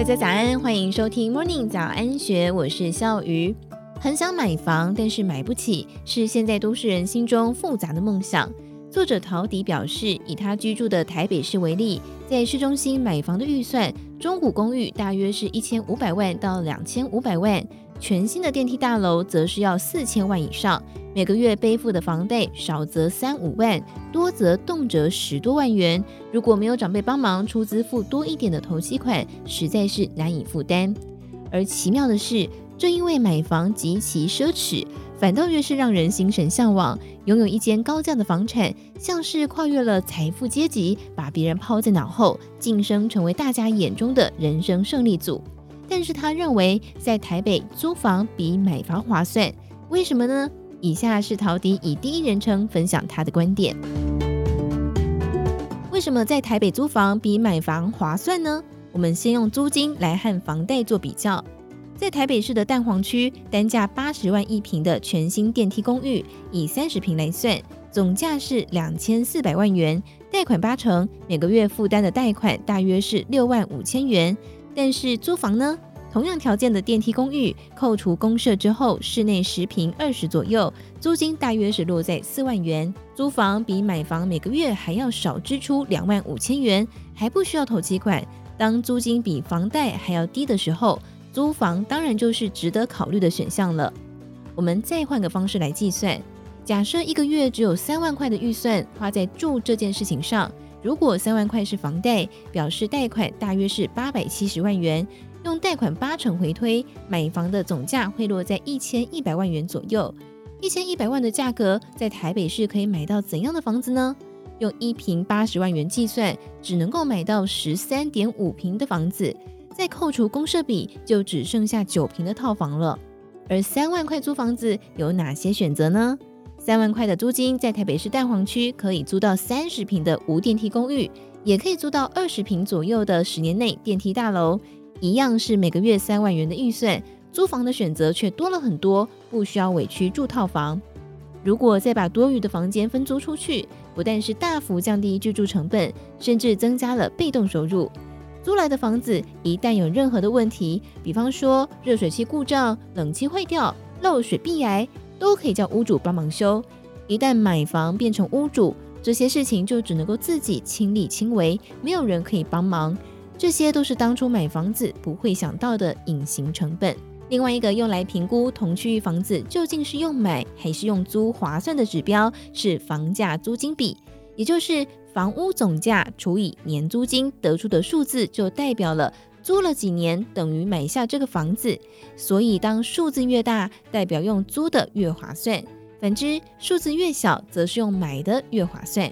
大家早安，歡迎收聽 Morning 早安學，我是笑魚。很想買房，但是買不起，是現在都市人心中複雜的夢想。作者陶迪表示，以他居住的台北市為例，在市中心買房的預算，中古公寓大約是一千五百萬到兩千五百萬。全新的電梯大樓則是要四千萬以上，每個月背負的房貸少則三五萬，多則動輒十多萬元。如果沒有長輩幫忙出資付多一點的頭期款，實在是難以負擔。而奇妙的是，正因為買房極其奢侈，反倒越是讓人心神向往。擁有一間高價的房產，像是跨越了財富階級，把別人拋在腦後，晉升成為大家眼中的人生勝利組。但是他認為在台北租房比買房划算，為什麼呢？以下是陶迪以第一人稱分享他的觀點。為什麼在台北租房比買房划算呢？我們先用租金來和房貸做比較。在台北市的蛋黃區，單價八十萬一坪的全新電梯公寓，以三十坪來算，總價是兩千四百萬元，貸款八成，每個月負擔的貸款大約是六萬五千元。但是租房呢，同樣條件的電梯公寓扣除公設之後，室內十平二十左右，租金大約是落在四萬元。租房比買房每個月還要少支出兩萬五千元，還不需要頭期款。當租金比房貸還要低的時候，租房當然就是值得考慮的選項了。我們再換個方式來計算，假設一個月只有三萬塊的預算花在住這件事情上。如果三萬塊是房貸，表示貸款大約是八百七十萬元，用貸款八成回推，買房的總價會落在一千一百萬元左右。一千一百萬的價格，在台北市可以買到怎樣的房子呢？用一坪八十萬元計算，只能夠買到十三點五坪的房子，再扣除公設比，就只剩下九坪的套房了。而三萬塊租房子有哪些選擇呢？三萬塊的租金，在台北市蛋黃區可以租到三十坪的無電梯公寓，也可以租到二十坪左右的十年內電梯大樓，一樣是每個月三萬元的預算，租房的選擇卻多了很多，不需要委屈住套房。如果再把多餘的房間分租出去，不但是大幅降低居住成本，甚至增加了被動收入。租來的房子一旦有任何的問題，比方說熱水器故障、冷氣壞掉、漏水壁癌……都可以叫屋主幫忙修，一旦買房變成屋主，這些事情就只能夠自己親力親為，沒有人可以幫忙。這些都是當初買房子不會想到的隱形成本。另外一個用來評估同區域房子究竟是用買還是用租划算的指標，是房價租金比，也就是房屋總價除以年租金得出的數字，就代表了，租了幾年等於買下這個房子，所以當數字越大，代表用租的越划算；反之，數字越小，則是用買的越划算。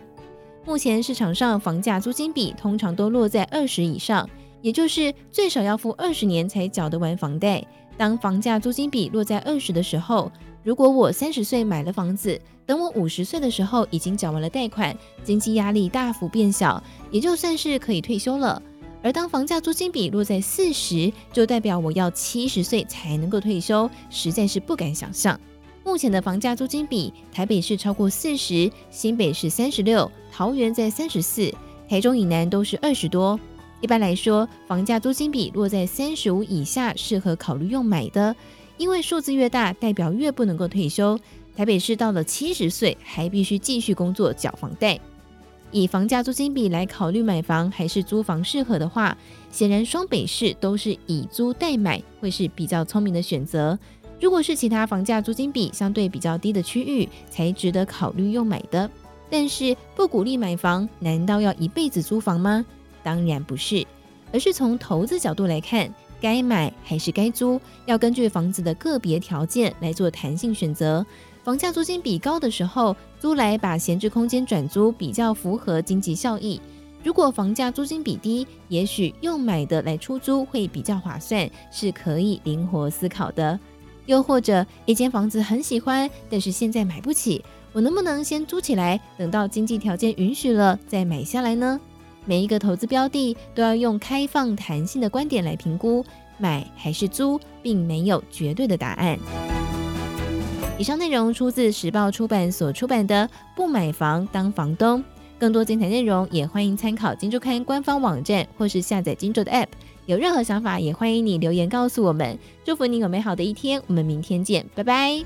目前市場上房價租金比通常都落在二十以上，也就是最少要付二十年才繳得完房貸。當房價租金比落在二十的時候，如果我三十歲買了房子，等我五十歲的時候已經繳完了貸款，經濟壓力大幅變小，也就算是可以退休了。而當房價租金比落在四十，就代表我要七十歲才能夠退休，實在是不敢想象。目前的房價租金比，台北市超過四十，新北市三十六，桃園在三十四，台中以南都是二十多。一般來說，房價租金比落在三十五以下，適合考慮用買的，因為數字越大，代表越不能夠退休。台北市到了七十歲，還必須繼續工作繳房貸。以房價租金比來考慮買房還是租房適合的話，顯然雙北市都是以租代買，會是比較聰明的選擇。如果是其他房價租金比相對比較低的區域，才值得考慮用買的。但是不鼓勵買房，難道要一輩子租房嗎？當然不是，而是從投資角度來看。該買還是該租，要根據房子的個別條件來做彈性選擇。房價租金比高的時候，租來把閒置空間轉租比較符合經濟效益；如果房價租金比低，也許用買的來出租會比較划算，是可以靈活思考的。又或者，一間房子很喜歡，但是現在買不起，我能不能先租起來，等到經濟條件允許了再買下來呢？每一個投資標的都要用開放彈性的觀點來評估，買還是租，並沒有絕對的答案。以上內容出自時報出版所出版的《不買房當房東》，更多精彩內容也歡迎參考今周刊官方網站或是下載今周刊的 App。有任何想法，也歡迎你留言告訴我們。祝福你有美好的一天，我們明天見，拜拜。